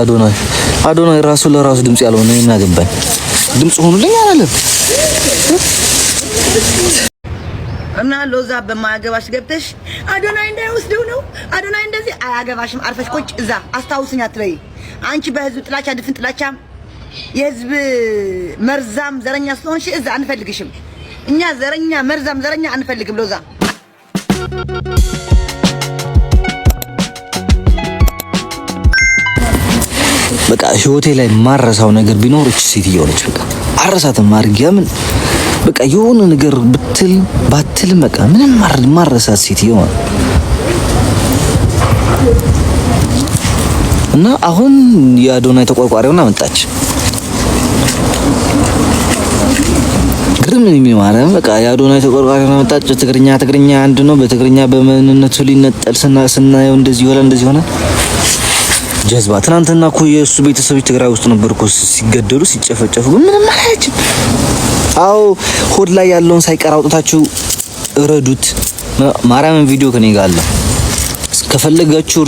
አዶናይ አዶናይ ራሱ ለራሱ ድምጽ ያልሆነ እናገባኝ ድምጽ ሆኑልኝ አላለም እና ሎዛ በማያገባሽ ገብተሽ አዶናይ እንዳይወስደው ነው። አዶናይ እንደዚህ አያገባሽም። አርፈሽ ቁጭ እዛ አስታውስኝ አትበይ። አንቺ በህዝብ ጥላቻ፣ ድፍን ጥላቻ፣ የህዝብ መርዛም ዘረኛ ስለሆንሽ እዛ አንፈልግሽም። እኛ ዘረኛ መርዛም ዘረኛ አንፈልግም ሎዛ በቃ ህይወቴ ላይ ማረሳው ነገር ቢኖር እች ሴትዮ ነች። በቃ አረሳትም ማርጊያ ምን በቃ የሆነ ነገር ብትል ባትል በቃ ምንም ማረሳት ሴትዮ እና አሁን የአዶናይ ተቆርቋሪውና መጣች። ግርም የሚል ማርያም በቃ የአዶናይ ተቆርቋሪውና መጣች። ትግርኛ ትግርኛ አንድ ነው። በትግርኛ በምንነቱ ሊነጠል ስና ስናየው እንደዚህ ሆነ እንደዚህ ሆነ ጀዝባ ትናንትና እኮ የእሱ ቤተሰቦች ትግራይ ውስጥ ነበር እኮ ሲገደሉ ሲጨፈጨፉ፣ ምንም አላያችም። አዎ ሆድ ላይ ያለውን ሳይቀር አውጥታችሁ እረዱት። ማርያምን ቪዲዮ ከኔ ጋር አለ። ከፈለጋችሁ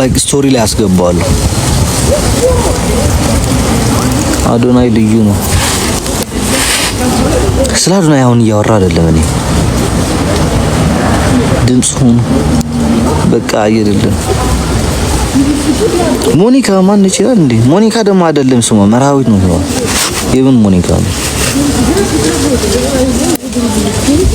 ላይክ ስቶሪ ላይ አስገባዋለሁ። አዶናይ ልዩ ነው። ስለ አዶናይ አሁን እያወራ አይደለም። እኔ ድምጽ ሆኑ በቃ አይደለም ሞኒካ ማን ይችላል እንዴ? ሞኒካ ደግሞ አይደለም ስሟ መራዊት ነው ስሟ። ይብን ሞኒካ ነው። ድምፁ ለማን ነው? ድምፁ ነው። ድምፁ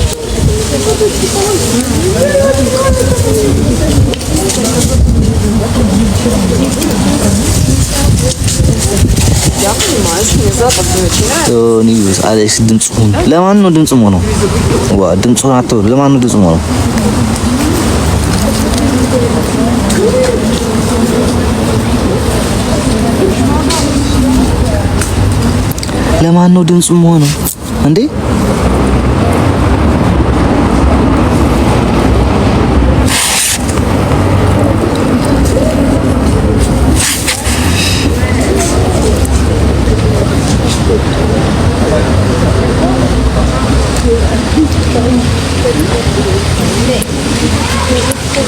ለማን ነው? ድምፁ ነው Lemano dan semua nih, nanti.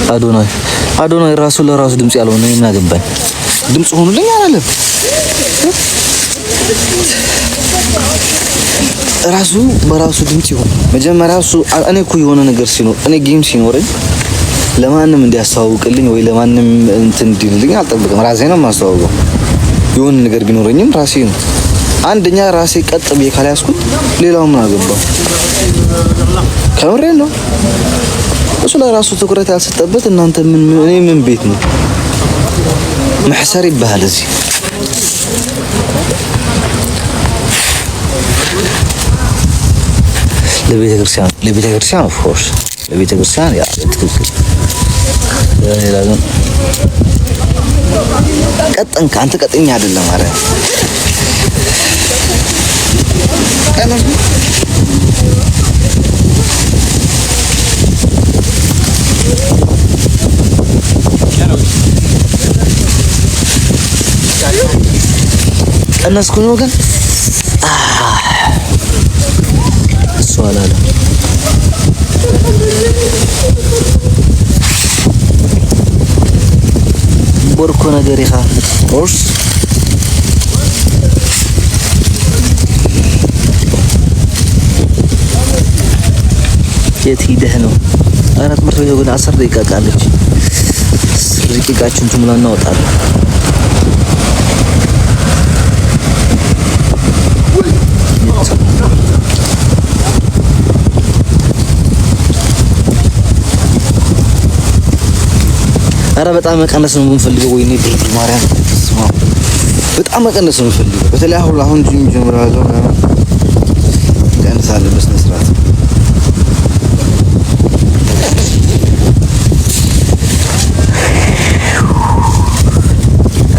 Aduh nai, aduh nai Rasulullah Rasul dimsi alunin nagaibai, dimsi alunin ya lah. ራሱ በራሱ ድምጽ ይሆን መጀመሪያ እሱ እኔ እኮ የሆነ ነገር ሲኖር እኔ ጌም ሲኖረኝ ለማንም እንዲያስተዋውቅልኝ ወይ ለማንም እንትን እንዲልልኝ አልጠብቅም። ራሴ ነው የማስተዋውቀው። የሆነ ነገር ቢኖረኝም ራሴ ነው አንደኛ ራሴ ቀጥ ብዬ ካልያዝኩት ሌላው ምን አገባው? ከምሬ ነው። እሱ ለራሱ ትኩረት ያልሰጠበት እናንተ ምን እኔ ምን ቤት ነው መሕሰር ይባሃል እዚህ ለቤተ ክርስቲያን ለቤተ ክርስቲያን ኦፍ ኮርስ ለቤተ ክርስቲያን ያ ትክክል። ለሌላ ግን ቀጥን አንተ ቀጥኝ አይደለም ማለት ቀነስኩኝ ወገን ደርሰዋል አለ። ቦርኮ ነገር ይኻ ኦርስ የት ሂደህ ነው? አረ ትምህርት ቤቱ ግን አስር ደቂቃ ቃለች። ደቂቃችን ሙላ እናወጣለን። ኧረ በጣም መቀነስ ነው የምንፈልገው። ወይኔ ድንግል ማርያም በጣም መቀነስ ነው የምንፈልገው። በተለይ አሁን አሁን ጂም ጀምራ ያለው ቀንስ አለ በስነ ስርዓት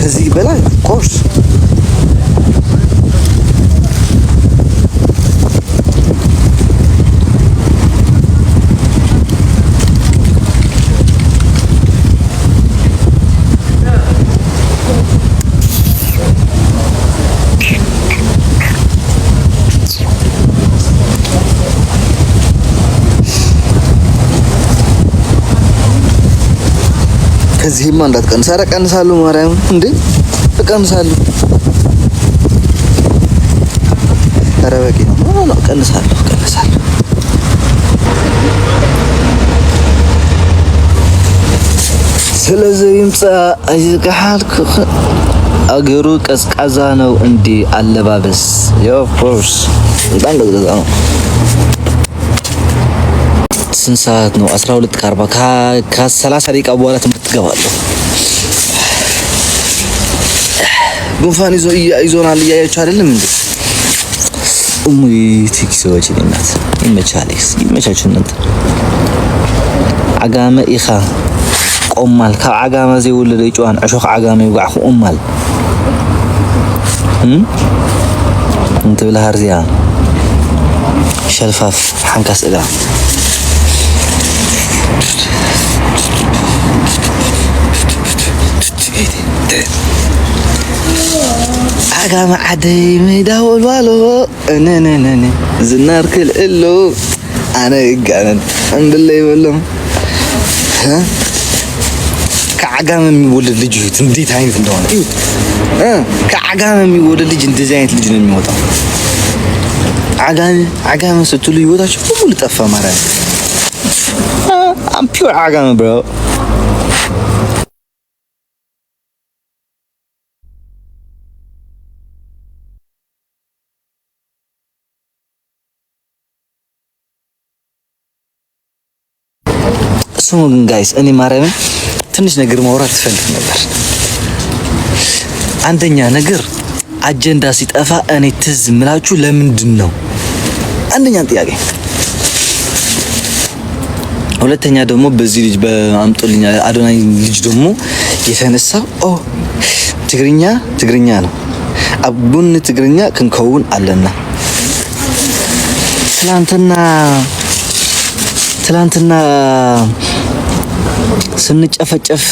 ከዚህ በላይ ኮርስ ከዚህማ እንዳትቀንስ። ኧረ እቀንሳለሁ፣ ማርያም እንዴ እቀንሳለሁ። ኧረ በቂ ነው። ኖ ኖ እቀንሳለሁ፣ እቀንሳለሁ። ስለዚህ ይምጻ አይዝካልኩ አገሩ ቀዝቃዛ ነው እንዴ? አለባበስ ያው ኮርስ በጣም ቀዝቃዛ ነው። ስንት ሰዓት ነው? 12 ከአርባ ከ ደቂቃ በኋላ ትምህርት ትገባለሁ። ጉንፋን ይዞ ይዞናል። እያያችሁ አይደለም እንዴ? እሙይ ቲክስ ወጪ እናት ይመቻለክስ ይመቻችሁ እናንተ ዓጋመ ኢኻ ቆማል ካብ ዓጋመ ዘይወለደ ይጭዋን ዕሾኽ ዓጋመ ይውጋዕኹ እማል እንትብል ሃርዚያ ሸልፋፍ ሓንካስ እዳ ዓጋመ ዓደይ ምዳውልዋሎ እነነነነ ዝናርክል ክልእሎ ኣነ እጋነን እምብለ ይበሎም ከዓጋመ የሚወለድ ልጅ እዩት እንዴት አይነት እንደሆነ እዩት። ከዓጋመ የሚወለድ ልጅ እንደዚህ አይነት ልጅ ነው የሚወጣው። ዓጋመ ስትሉ ይወታችሁ ሁሉ ጠፋ ማለት ነው። I'm pure argon, bro. ስሙ ግን ጋይስ፣ እኔ ማርያምን ትንሽ ነገር ማውራት ትፈልግ ነበር። አንደኛ ነገር አጀንዳ ሲጠፋ እኔ ትዝ ምላችሁ ለምንድን ነው? አንደኛ ጥያቄ ሁለተኛ ደግሞ በዚህ ልጅ በአምጦልኛ አዶናይ ልጅ ደግሞ የተነሳ ኦ ትግርኛ ትግርኛ ነው አቡን ትግርኛ ክንከውን አለና ትላንትና ትላንትና ስንጨፈጨፍ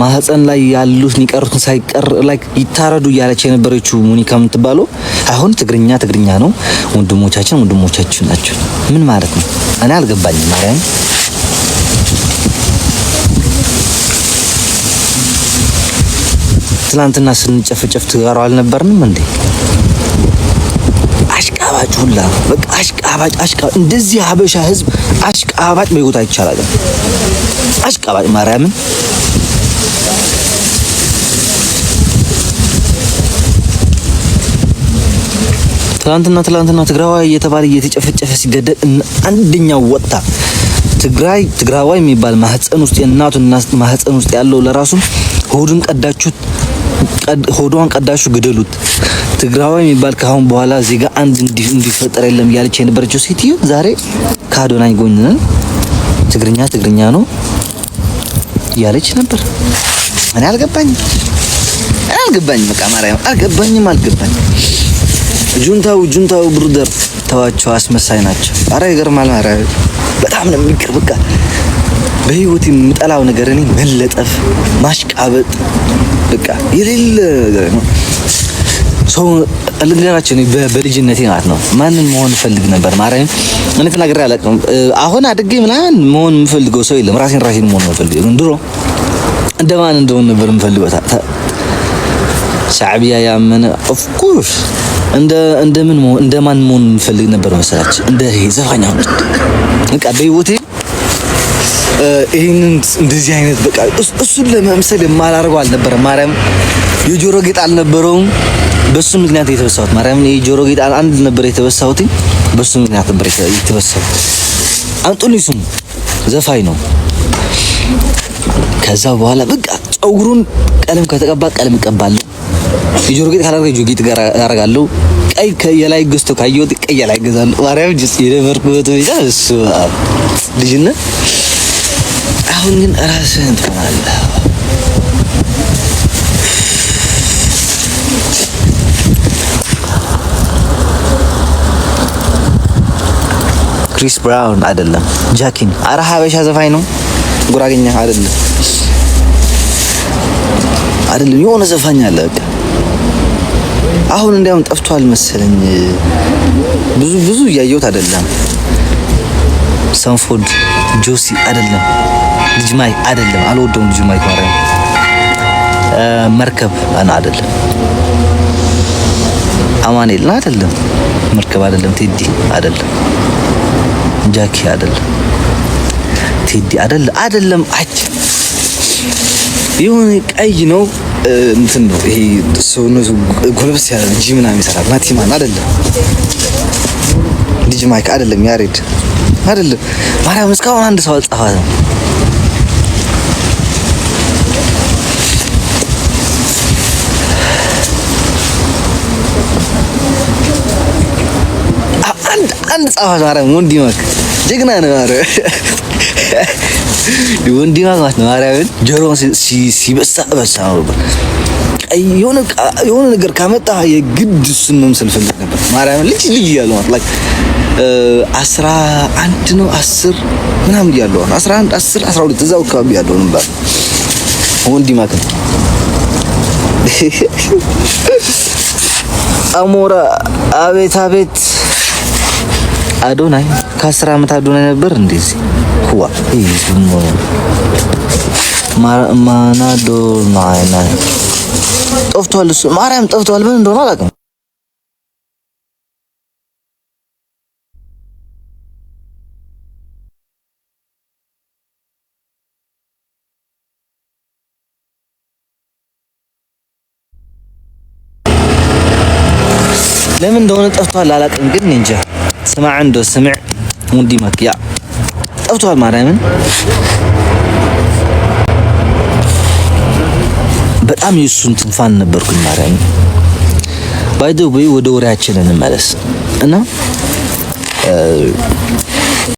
ማህፀን ላይ ያሉት ሊቀሩትን ሳይቀር ላይ ይታረዱ እያለች የነበረችው ሙኒካ የምትባለው አሁን ትግርኛ ትግርኛ ነው፣ ወንድሞቻችን ወንድሞቻችን ናቸው። ምን ማለት ነው? እኔ አልገባኝም። ማርያም ትላንትና ስንጨፍጨፍ ትጋሩ አልነበርንም እንዴ? አሽቃባጭ ሁላ በቃ አሽቃባጭ አሽቃባጭ። እንደዚህ ሀበሻ ህዝብ አሽቃባጭ በይወታ ይቻላል። አሽቃባጭ ማርያምን ትላንትና ትላንትና ትግራዋይ እየተባለ እየተጨፈጨፈ ሲገደል አንደኛው ወጣ። ትግራይ ትግራዋይ የሚባል ማህፀን ውስጥ የእናቱ ማህፀን ውስጥ ያለው ለራሱ ሆዱን ቀዳችሁት፣ ሆዷን ቀዳችሁ ግደሉት፣ ትግራዋይ የሚባል ከአሁን በኋላ ዜጋ አንድ እንዲፈጠር የለም እያለች የነበረችው ሴትዮ ዛሬ ከአዶናይ ጎን ነን፣ ትግርኛ ትግርኛ ነው እያለች ነበር። እኔ አልገባኝም፣ እኔ አልገባኝም፣ በቃ ማርያም አልገባኝም፣ አልገባኝም። ጁንታው ጁንታው ብሩደር ተዋቸው፣ አስመሳይ ናቸው። አረ ይገርማል። አረ በጣም ነው የሚቀር። በቃ በህይወት የምጠላው ነገር እኔ መለጠፍ፣ ማሽቃበጥ፣ በቃ የሌለ ነው። ሰው ልንገራችን በልጅነቴ ማለት ነው ማንን መሆን ፈልግ ነበር። ማርያም እኔ ተናግሬ አላውቅም። አሁን አድጌ ምናምን መሆን የምፈልገው ሰው የለም። ራሴን ራሴን መሆን ነው የምፈልገው። ግን ድሮ እንደማን እንደሆነ ነበር የምፈልገው። ሻዕቢያ ያመነ ኦፍ ኮርስ እንደ እንደ ምን እንደ ማን መሆን ፈልግ ነበር መሰላችሁ? እንደ ይሄ ዘፋኛ በቃ በህይወቴ ይህንን እንደዚህ አይነት በቃ እሱን ለመምሰል የማላደርገው አልነበረም። ማርያም የጆሮ ጌጥ አልነበረውም። በሱ ምክንያት የተበሳሁት ማርያም የጆሮ ጌጥ አንድ ነበር የተበሳሁት። በሱ ምክንያት ነበር የተበሳሁት። አንጡልኝ ስሙ ዘፋኝ ነው። ከዛ በኋላ በቃ ጸጉሩን ቀለም ከተቀባ ቀለም ይቀባል የጆሮ ጌጥ ካላረገ የጆሮ ጌጥ ጋር አደርጋለሁ። ቀይ የላይ ገዝቶ ካየሁት ቀይ የላይ ገዛለሁ። ማርያም ጅስ የደበርኩበት ብቻ እሱ ልጅነት። አሁን ግን ራስህን ትሆናለህ። ክሪስ ብራውን አይደለም ጃኪን። አረ ሀበሻ ዘፋኝ ነው ጉራገኛ አይደለም አይደለም፣ የሆነ ዘፋኝ አለ በቃ አሁን እንዲያውም ጠፍቷል መሰለኝ። ብዙ ብዙ እያየሁት አይደለም። ሰንፎድ ጆሲ አይደለም፣ ልጅማይ አይደለም። አልወደውም ማይ ማርያም መርከብ አና አይደለም፣ አማኔልና አይደለም፣ መርከብ አይደለም፣ ቴዲ አይደለም፣ ጃኪ አይደለም፣ ቴዲ አይደለም፣ አይደለም። አጭ ይሁን ቀይ ነው እንትን ነው ይሄ ሰውነቱ ጎልብስ ያለ ጂ ምናምን ይሰራል። ማቲማን አይደለም ልጅ ማይክ አይደለም ያሬድ አይደለም። ማርያም እስካሁን አንድ ሰው ነው። አንድ አንድ ጻፋ ማርያም ወንድ ይመክ ጀግና ነው። ወንድ ማለት ነው። ማርያምን ጆሮ ሲበሳ በሳ የሆነ ነገር ካመጣ የግድ እሱን መምሰል ፈልግ ነበር። ማርያምን ልጅ ልጅ እያለሁ ማለት ላይክ አስራ አንድ ነው አስር ምናምን እያለሁ አስራ አንድ አስር አስራ ሁለት እዛው አካባቢ እያለሁ ነበር ወንድ ማለት አሞራ አቤት አቤት አዶናይ ከአስር ዓመት አዶናይ ነበር እንደዚህ ሁዋ ማናዶ ማይና ጠፍቷል። እሱ ማርያም ጠፍቷል። ምን እንደሆነ አላውቅም። ለምን እንደሆነ ጠፍቷል አላውቅም፣ ግን እንጃ ስማዕ እንዶ ስምዕ ወንዲ መክያ ጠፍቷል። ማርያምን በጣም የሱን ትንፋን ነበርኩኝ። ማርያምን ባይደው ወደ ወሬያችን እንመለስ እና